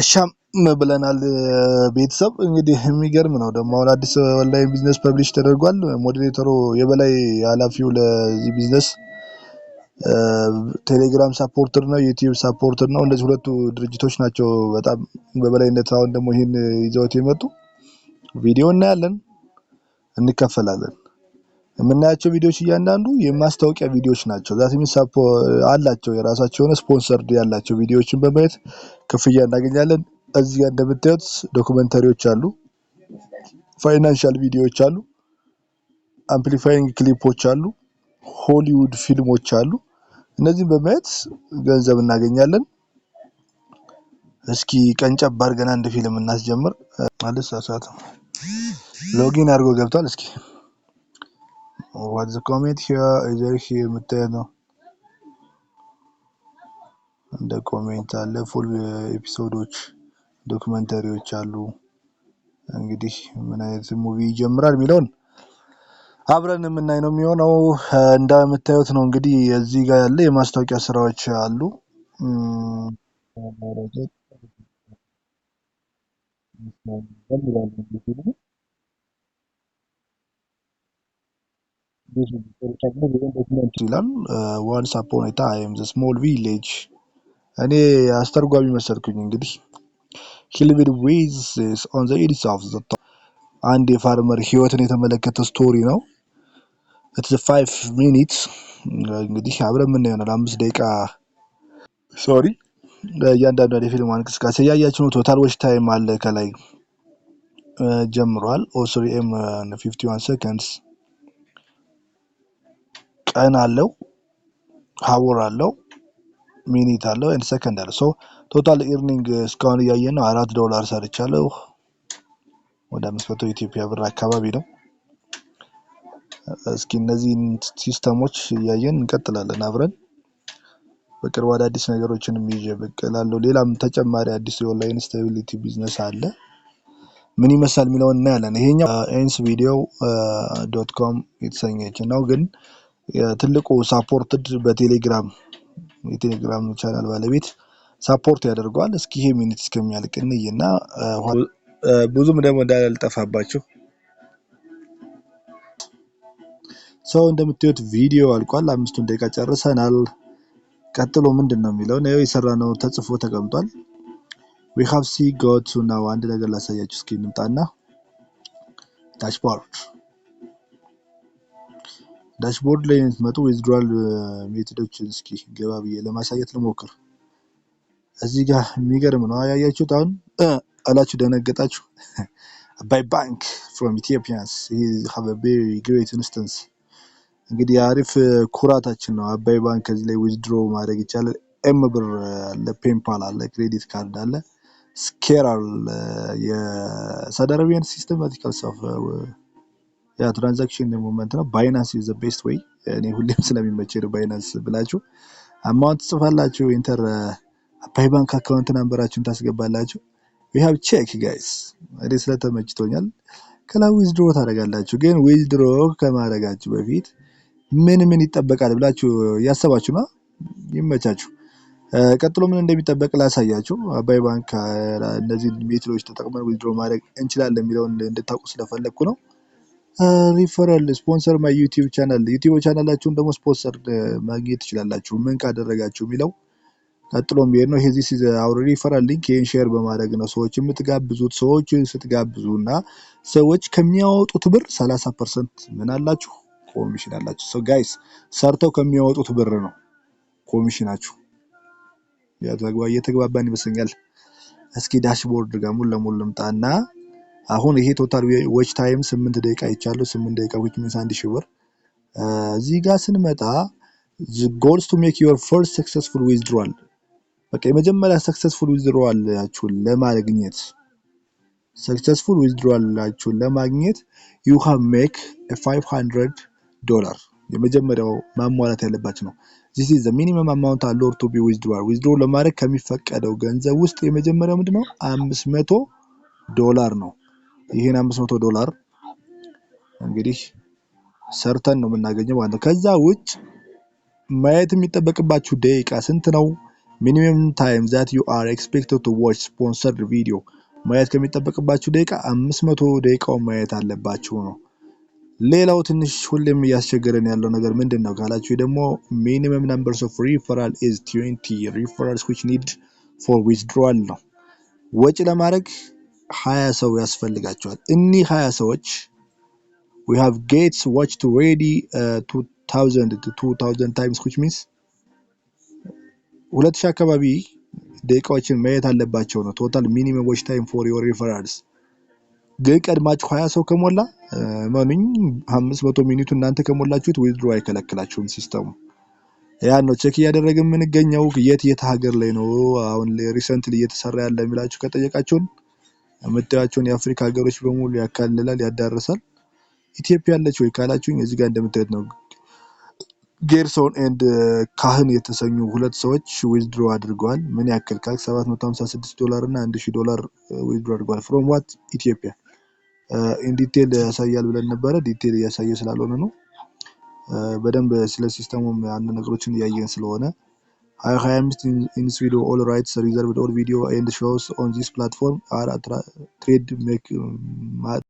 አሻም ብለናል። ቤተሰብ እንግዲህ የሚገርም ነው። ደግሞ አሁን አዲስ ኦንላይን ቢዝነስ ፐብሊሽ ተደርጓል። ሞዴሬተሩ የበላይ ኃላፊው ለዚህ ቢዝነስ ቴሌግራም ሳፖርተር ነው፣ ዩቲዩብ ሳፖርተር ነው። እንደዚህ ሁለቱ ድርጅቶች ናቸው በጣም በበላይነት። አሁን ደግሞ ይህን ይዘውት የመጡ ቪዲዮ እናያለን፣ እንከፈላለን። የምናያቸው ቪዲዮዎች እያንዳንዱ የማስታወቂያ ቪዲዮዎች ናቸው። ዛትሚ አላቸው የራሳቸው የሆነ ስፖንሰርድ ያላቸው ቪዲዮዎችን በማየት ክፍያ እናገኛለን። እዚህ ጋር እንደምታዩት ዶክመንተሪዎች አሉ፣ ፋይናንሻል ቪዲዮዎች አሉ፣ አምፕሊፋይንግ ክሊፖች አሉ፣ ሆሊውድ ፊልሞች አሉ። እነዚህም በማየት ገንዘብ እናገኛለን። እስኪ ቀንጨብ አድርገን አንድ ፊልም እናስጀምር። አልሳሳትም። ሎጊን አድርጎ ገብቷል። እስኪ What's the comment here? Either መታየት ነው። እንደ ኮሜንት አለ። ፉል ኤፒሶዶች ዶክመንተሪዎች አሉ። እንግዲህ ምን አይነት ሙቪ ይጀምራል የሚለውን አብረን የምናይ ነው የሚሆነው። uh, እንደምታዩት ነው እንግዲህ እዚህ ጋር ያለ የማስታወቂያ ስራዎች አሉ። ም mm. ይላል ዋንስ አፖን ኤ ታይም ዘ ስሞል ቪሌጅ። እኔ አስተርጓሚ መሰልኩኝ እንግዲህ ሂልቪድ ዊዝ ኦን ዘ ኢድስ ኦፍ ዘ አንድ የፋርመር ህይወትን የተመለከተ ስቶሪ ነው። ኢትስ ፋይቭ ሚኒት እንግዲህ አብረን ምን ይሆናል አምስት ደቂቃ ሶሪ እያንዳንዷን የፊልም እንቅስቃሴ እያያችሁ ነው። ቶታል ዎች ታይም አለ ከላይ ጀምሯል። ኦስሪ ኤም ፊፍቲ ዋን ሰከንድስ ቀን አለው ሀቡር አለው ሚኒት አለው ኤንድ ሰከንድ አለው ሶ ቶታል ኢርኒንግ እስካሁን እያየን ነው አራት ዶላር ሰርቻለሁ ወደ አምስት መቶ ኢትዮጵያ ብር አካባቢ ነው እስኪ እነዚህን ሲስተሞች እያየን እንቀጥላለን አብረን በቅርቡ አዳዲስ ነገሮችንም ይዤ ብቅ እላለሁ ሌላም ተጨማሪ አዲስ የኦንላይን ስታቢሊቲ ቢዝነስ አለ ምን ይመስላል የሚለውን እናያለን። ይሄኛው ኤንስ ቪዲዮ ዶት ኮም የተሰኘች ነው ግን ትልቁ ሳፖርትድ በቴሌግራም የቴሌግራም ቻናል ባለቤት ሳፖርት ያደርገዋል። እስኪ ይሄ ሚኒት እስከሚያልቅ እንይ እና ብዙም ደግሞ እንዳልጠፋባችሁ ሰው እንደምታዩት ቪዲዮ አልቋል። አምስቱን ደቂቃ ጨርሰናል። ቀጥሎ ምንድን ነው የሚለው ነው የሰራ ነው ተጽፎ ተቀምጧል። ዊ ሃቭ ሲ ጎቱ ናው አንድ ነገር ላሳያችሁ እስኪ እንምጣና ዳሽቦርድ ዳሽቦርድ ላይ የምትመጡ ዊዝድራል ሜቶዶችን uh, እስኪ ገባ ብዬ ለማሳየት ልሞክር። እዚህ ጋር የሚገርም ነው ያያችሁት። አሁን አላችሁ ደነገጣችሁ። አባይ ባንክ ፍሮም ኢትዮጵያንስ ግሬት ኢንስተንስ። እንግዲህ የአሪፍ uh, ኩራታችን ነው። አባይ ባንክ ከዚህ ላይ ዊዝድሮ ማድረግ ይቻላል። ኤም ብር አለ፣ ፔምፓል አለ፣ ክሬዲት ካርድ አለ፣ ስኬር አለ። uh, የሳውዲ አረቢያን ሲስተማቲካል ትራንዛክሽን ሞመንት ነው። ባይናንስ ዩዘ ቤስት ወይ እኔ ሁሌም ስለሚመቸኝ ነው ባይናንስ ብላችሁ አማውንት ጽፋላችሁ ኢንተር አባይ ባንክ አካውንት ናምበራችሁን ታስገባላችሁ። ዊ ሃቭ ቼክ ጋይስ እኔ ስለተመችቶኛል። ከላ ዊዝድሮ ታደርጋላችሁ። ግን ዊዝድሮ ከማድረጋችሁ በፊት ምን ምን ይጠበቃል ብላችሁ እያሰባችሁ ና ይመቻችሁ። uh, ቀጥሎ ምን እንደሚጠበቅ ላሳያችሁ። አባይ ባንክ እነዚህ ሜትሎች ተጠቅመን ዊዝድሮ ማድረግ እንችላለን የሚለውን እንድታውቁ ስለፈለግኩ ነው። ሪፈራል ስፖንሰር ማይ ዩቲዩብ ቻናል ዩቲዩብ ቻናላችሁን ደግሞ ስፖንሰር ማግኘት ትችላላችሁ። ምን ካደረጋችሁ የሚለው ቀጥሎ የሚሄድ ነው። ይሄ ዚስ ኢዝ ሪፈራል ሊንክ ይህን ሼር በማድረግ ነው ሰዎች የምትጋብዙት። ሰዎች ስትጋብዙ እና ሰዎች ከሚያወጡት ብር 30 ፐርሰንት ምን አላችሁ ኮሚሽን አላችሁ። ጋይስ ሰርተው ከሚያወጡት ብር ነው ኮሚሽናችሁ። እየተግባባን ይመስለኛል። እስኪ ዳሽቦርድ ጋር ሙሉ ለሙሉ ልምጣና አሁን ይሄ ቶታል ዎች ታይም ስምንት ደቂቃ አይቻለሁ። ስምንት ደቂቃ ዊች ሚንስ አንድ ሺህ ብር። እዚህ ጋር ስንመጣ ጎልስ ቱ ሜክ ዩር ፈርስት ሰክሰስፉል ዊዝድሮዋል፣ በቃ የመጀመሪያ ሰክሰስፉል ዊዝድሮዋላችሁን ለማግኘት ሰክሰስፉል ዊዝድሮዋላችሁን ለማግኘት ዩ ሃቭ ሜክ 500 ዶላር የመጀመሪያው ማሟላት ያለባቸው ነው። ዚስ ኢዝ ዘ ሚኒመም አማውንት አሎር ቱ ቢ ዊዝድሮዋል። ዊዝድሮ ለማድረግ ከሚፈቀደው ገንዘብ ውስጥ የመጀመሪያው ምንድነው? አምስት መቶ ዶላር ነው። ይህን 500 ዶላር እንግዲህ ሰርተን ነው የምናገኘው ማለት ነው። ከዛ ውጭ ማየት የሚጠበቅባችሁ ደቂቃ ስንት ነው? ሚኒመም ታይም ዛት ዩ አር ኤክስፔክትድ ቱ ዋች ስፖንሰርድ ቪዲዮ ማየት ከሚጠበቅባችሁ ደቂቃ 500 ደቂቃውን ማየት አለባችሁ ነው። ሌላው ትንሽ ሁሌም እያስቸገረን ያለው ነገር ምንድን ነው ካላችሁ ደግሞ ሚኒመም ነምበርስ ኦፍ ሪፈራል ኢዝ ትዌንቲ ሪፈራልስ ዊች ኒድ ፎር ዊዝድሮዋል ነው ወጪ ለማድረግ ሀያ ሰው ያስፈልጋቸዋል። እኒህ ሀያ ሰዎች we have gates watched already uh, 2000 to 2000 times which means ሁለት ሺህ አካባቢ ደቂቃዎችን ማየት አለባቸው ነው ቶታል ሚኒመም ዎች ታይም ፎር ዮር ሪፈራልስ ግን ቀድማችሁ ሀያ ሰው ከሞላ መኑኝ uh, አምስት መቶ ሚኒቱ እናንተ ከሞላችሁት ዊዝድሮ አይከለክላችሁም ሲስተሙ ያን ነው ቼክ እያደረገ የምንገኘው የት የት ሀገር ላይ ነው አሁን ሪሰንትሊ እየተሰራ ያለ የሚላችሁ ከጠየቃችሁን የምታያቸውን የአፍሪካ ሀገሮች በሙሉ ያካልላል ያዳርሳል ኢትዮጵያ አለች ወይ ካላችሁኝ እዚህ ጋር እንደምታዩት ነው ጌርሶን ኤንድ ካህን የተሰኙ ሁለት ሰዎች ዊዝድሮ አድርገዋል ምን ያክል ካል 756 ዶላር እና 1000 ዶላር ዊዝድሮ አድርገዋል ፍሮም ዋት ኢትዮጵያ ዲቴል ያሳያል ብለን ነበረ ዲቴል እያሳየ ስላልሆነ ነው በደንብ ስለ ሲስተሙም አንድ ነገሮችን እያየን ስለሆነ I in this video, all rights reserved all video and shows on this platform are trademarked. Um,